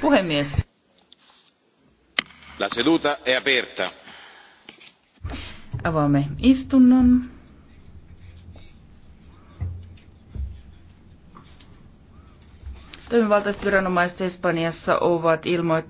Puhemies. La seduta è aperta. Avaamme istunnon. Toimivaltaiset viranomaiset Espanjassa ovat ilmoittaneet